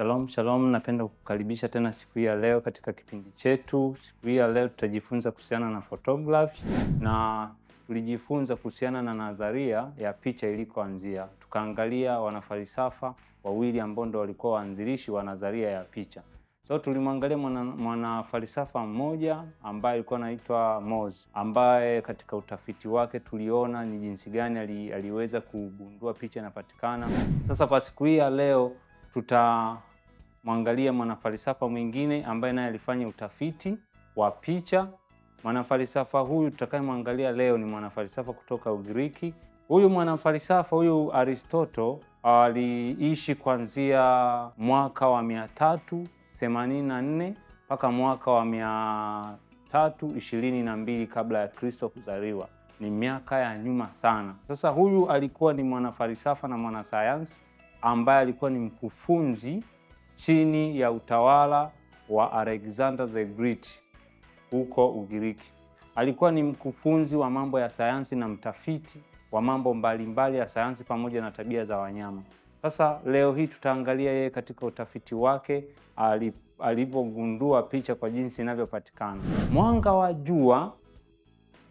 Shalom, shalom. Napenda kukukaribisha tena siku hii ya leo katika kipindi chetu. Siku hii ya leo tutajifunza kuhusiana na photography na tulijifunza kuhusiana na nadharia ya picha ilikoanzia. Tukaangalia wanafalsafa wawili ambao ndo walikuwa waanzilishi wa nadharia ya picha. So tulimwangalia mwanafalsafa mwana mmoja ambaye alikuwa anaitwa Moz, ambaye katika utafiti wake tuliona ni jinsi gani ali, aliweza kugundua picha inapatikana. Sasa kwa siku hii ya leo tuta mwangalie mwanafalsafa mwingine ambaye naye alifanya utafiti wa picha. Mwanafalsafa huyu tutakayemwangalia leo ni mwanafalsafa kutoka Ugiriki. Huyu mwanafalsafa huyu Aristoto aliishi kuanzia mwaka wa 384 mpaka mwaka wa 322 kabla ya Kristo kuzaliwa. Ni miaka ya nyuma sana. Sasa huyu alikuwa ni mwanafalsafa na mwanasayansi ambaye alikuwa ni mkufunzi chini ya utawala wa Alexander the Great huko Ugiriki. Alikuwa ni mkufunzi wa mambo ya sayansi na mtafiti wa mambo mbalimbali mbali ya sayansi pamoja na tabia za wanyama. Sasa leo hii tutaangalia yeye katika utafiti wake alivyogundua picha kwa jinsi inavyopatikana. Mwanga wa jua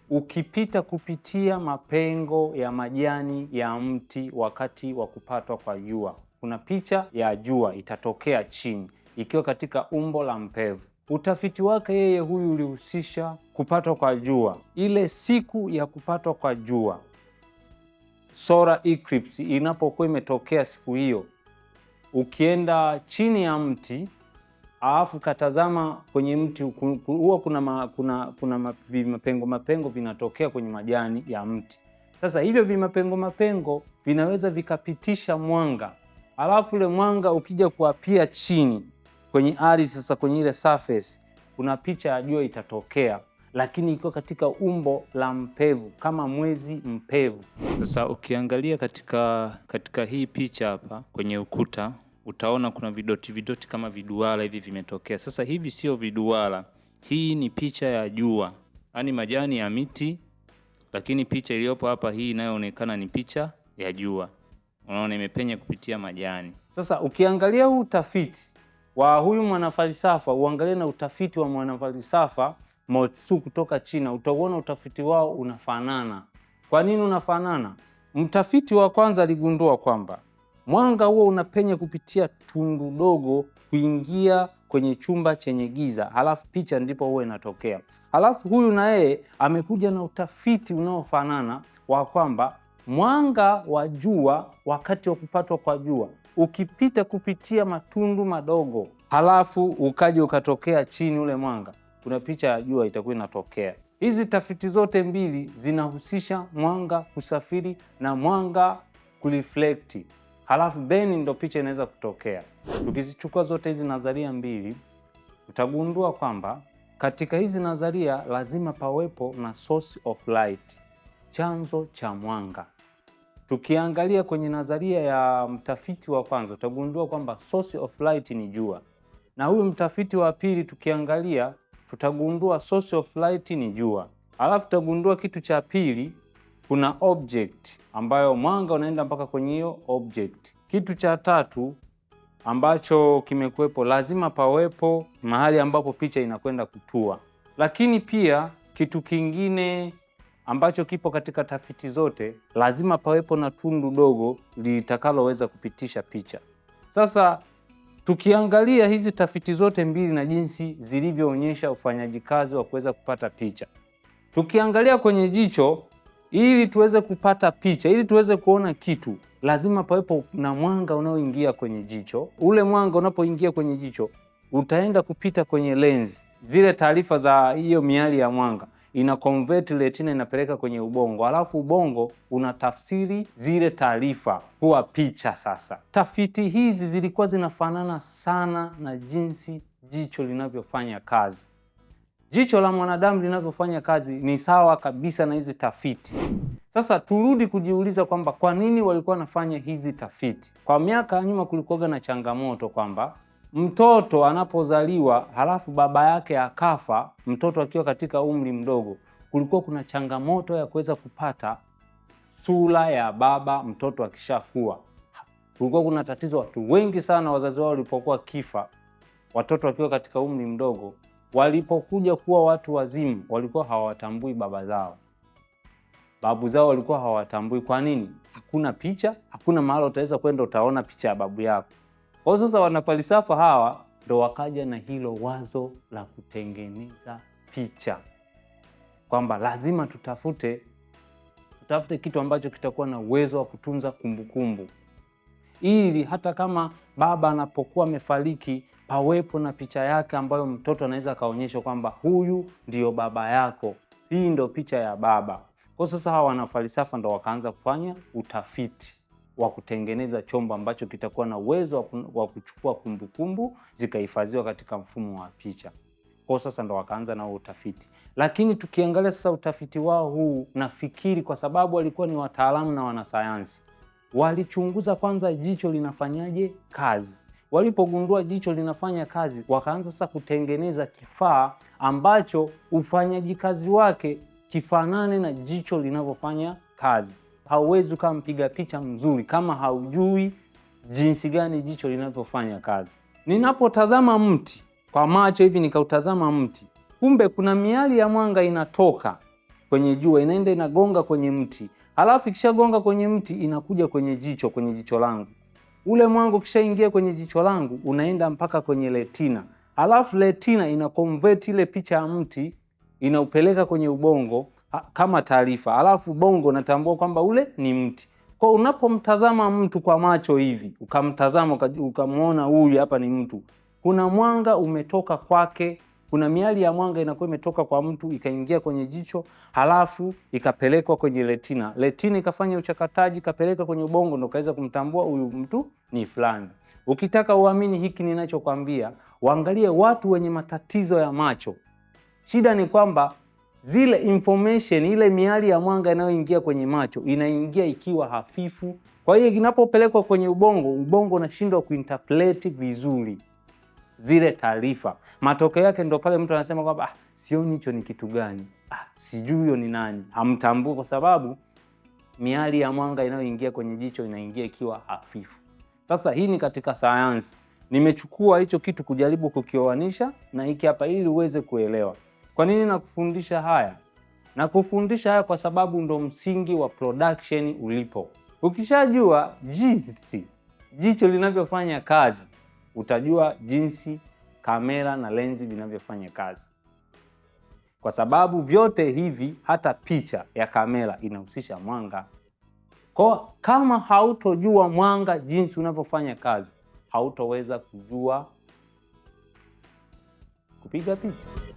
ukipita kupitia mapengo ya majani ya mti wakati wa kupatwa kwa jua kuna picha ya jua itatokea chini ikiwa katika umbo la mpevu. Utafiti wake yeye huyu ulihusisha kupatwa kwa jua, ile siku ya kupatwa kwa jua solar eclipse inapokuwa imetokea siku hiyo, ukienda chini ya mti alafu katazama kwenye mti huwa kuna ma, kuna kuna vimapengo mapengo vinatokea kwenye majani ya mti. Sasa hivyo vimapengo mapengo vinaweza vikapitisha mwanga alafu ile mwanga ukija kuapia chini kwenye ardhi, sasa kwenye ile surface kuna picha ya jua itatokea, lakini iko katika umbo la mpevu kama mwezi mpevu. Sasa ukiangalia katika, katika hii picha hapa kwenye ukuta utaona kuna vidoti vidoti kama viduara hivi vimetokea. Sasa hivi sio viduara, hii ni picha ya jua, yaani majani ya miti, lakini picha iliyopo hapa hii inayoonekana ni picha ya jua unaona imepenya kupitia majani. Sasa ukiangalia huu utafiti wa huyu mwanafalsafa, uangalie na utafiti wa mwanafalsafa Motsu kutoka China, utauona utafiti wao unafanana. Kwa nini unafanana? Mtafiti wa kwanza aligundua kwamba mwanga huo unapenya kupitia tundu dogo kuingia kwenye chumba chenye giza, halafu picha ndipo huwa inatokea. Halafu huyu na yeye amekuja na utafiti unaofanana wa kwamba mwanga wa jua wakati wa kupatwa kwa jua ukipita kupitia matundu madogo, halafu ukaja ukatokea chini ule mwanga, kuna picha ya jua itakuwa inatokea. Hizi tafiti zote mbili zinahusisha mwanga kusafiri na mwanga kuriflekti, halafu then ndo picha inaweza kutokea. Tukizichukua zote hizi nadharia mbili, utagundua kwamba katika hizi nadharia lazima pawepo na source of light chanzo cha mwanga. Tukiangalia kwenye nadharia ya mtafiti wa kwanza utagundua kwamba source of light ni jua, na huyu mtafiti wa pili tukiangalia tutagundua source of light ni jua, alafu tutagundua kitu cha pili, kuna object ambayo mwanga unaenda mpaka kwenye hiyo object. Kitu cha tatu ambacho kimekuwepo, lazima pawepo mahali ambapo picha inakwenda kutua. Lakini pia kitu kingine ambacho kipo katika tafiti zote, lazima pawepo na tundu dogo litakaloweza kupitisha picha. Sasa tukiangalia hizi tafiti zote mbili na jinsi zilivyoonyesha ufanyaji kazi wa kuweza kupata picha, tukiangalia kwenye jicho, ili tuweze kupata picha, ili tuweze kuona kitu, lazima pawepo na mwanga unaoingia kwenye jicho. Ule mwanga unapoingia kwenye jicho, utaenda kupita kwenye lenzi, zile taarifa za hiyo miali ya mwanga ina convert retina inapeleka kwenye ubongo, alafu ubongo unatafsiri zile taarifa kuwa picha. Sasa tafiti hizi zilikuwa zinafanana sana na jinsi jicho linavyofanya kazi. Jicho la mwanadamu linavyofanya kazi ni sawa kabisa na hizi tafiti. Sasa turudi kujiuliza kwamba kwa nini walikuwa wanafanya hizi tafiti. Kwa miaka ya nyuma kulikuwaga na changamoto kwamba mtoto anapozaliwa halafu baba yake akafa, mtoto akiwa katika umri mdogo, kulikuwa kuna changamoto ya kuweza kupata sura ya baba mtoto akishakuwa. Kulikuwa kuna tatizo, watu wengi sana wazazi wao walipokuwa kifa, watoto wakiwa katika umri mdogo, walipokuja kuwa watu wazimu, walikuwa hawawatambui baba zao, babu zao walikuwa hawawatambui. Kwa nini? Hakuna picha, hakuna mahali utaweza kwenda utaona picha ya babu yako kwa sasa wanafalsafa hawa ndo wakaja na hilo wazo la kutengeneza picha, kwamba lazima tutafute tutafute kitu ambacho kitakuwa na uwezo wa kutunza kumbukumbu -kumbu. ili hata kama baba anapokuwa amefariki pawepo na picha yake ambayo mtoto anaweza akaonyeshwa kwamba huyu ndiyo baba yako, hii ndo picha ya baba. Kwa sasa hawa wanafalsafa ndo wakaanza kufanya utafiti wa kutengeneza chombo ambacho kitakuwa na uwezo wa kuchukua kumbukumbu zikahifadhiwa katika mfumo wa picha. Kwa sasa ndo wakaanza nao utafiti, lakini tukiangalia sasa utafiti wao huu, nafikiri kwa sababu walikuwa ni wataalamu na wanasayansi, walichunguza kwanza jicho linafanyaje kazi. Walipogundua jicho linafanya kazi, wakaanza sasa kutengeneza kifaa ambacho ufanyaji kazi wake kifanane na jicho linavyofanya kazi hauwezi ukawa mpiga picha mzuri kama haujui jinsi gani jicho linavyofanya kazi. Ninapotazama mti kwa macho hivi nikautazama mti, kumbe kuna miali ya mwanga inatoka kwenye jua inaenda inagonga kwenye mti, halafu ikishagonga kwenye mti inakuja kwenye jicho, kwenye jicho langu. Ule mwanga ukishaingia kwenye jicho langu unaenda mpaka kwenye retina, halafu retina ina convert ile picha ya mti inaupeleka kwenye ubongo kama taarifa, alafu bongo natambua kwamba ule ni mti. Kwa unapomtazama mtu kwa macho hivi, ukamtazama ukamwona huyu hapa ni mtu, kuna mwanga umetoka kwake, kuna miali ya mwanga inakuwa imetoka kwa mtu ikaingia kwenye jicho, halafu ikapelekwa kwenye retina, retina ikafanya uchakataji, ikapeleka kwenye ubongo, ndo kaweza kumtambua huyu mtu ni fulani. Ukitaka uamini hiki ninachokwambia, waangalie watu wenye matatizo ya macho. Shida ni kwamba zile information, ile miali ya mwanga inayoingia kwenye macho inaingia ikiwa hafifu. Kwa hiyo inapopelekwa kwenye ubongo, ubongo unashindwa kuinterpret vizuri zile taarifa. Matokeo yake ndo pale mtu anasema kwamba ah, sioni hicho ni kitu gani, ah, sijui hiyo ni nani, hamtambui kwa sababu miali ya mwanga inayoingia kwenye jicho inaingia ikiwa hafifu. Sasa hii ni katika sayansi, nimechukua hicho kitu kujaribu kukioanisha na hiki hapa ili uweze kuelewa. Kwa nini nakufundisha haya? Nakufundisha haya kwa sababu ndo msingi wa production ulipo. Ukishajua jinsi jicho linavyofanya kazi, utajua jinsi kamera na lenzi vinavyofanya kazi, kwa sababu vyote hivi, hata picha ya kamera inahusisha mwanga. Kwa kama hautojua mwanga jinsi unavyofanya kazi, hautoweza kujua kupiga picha.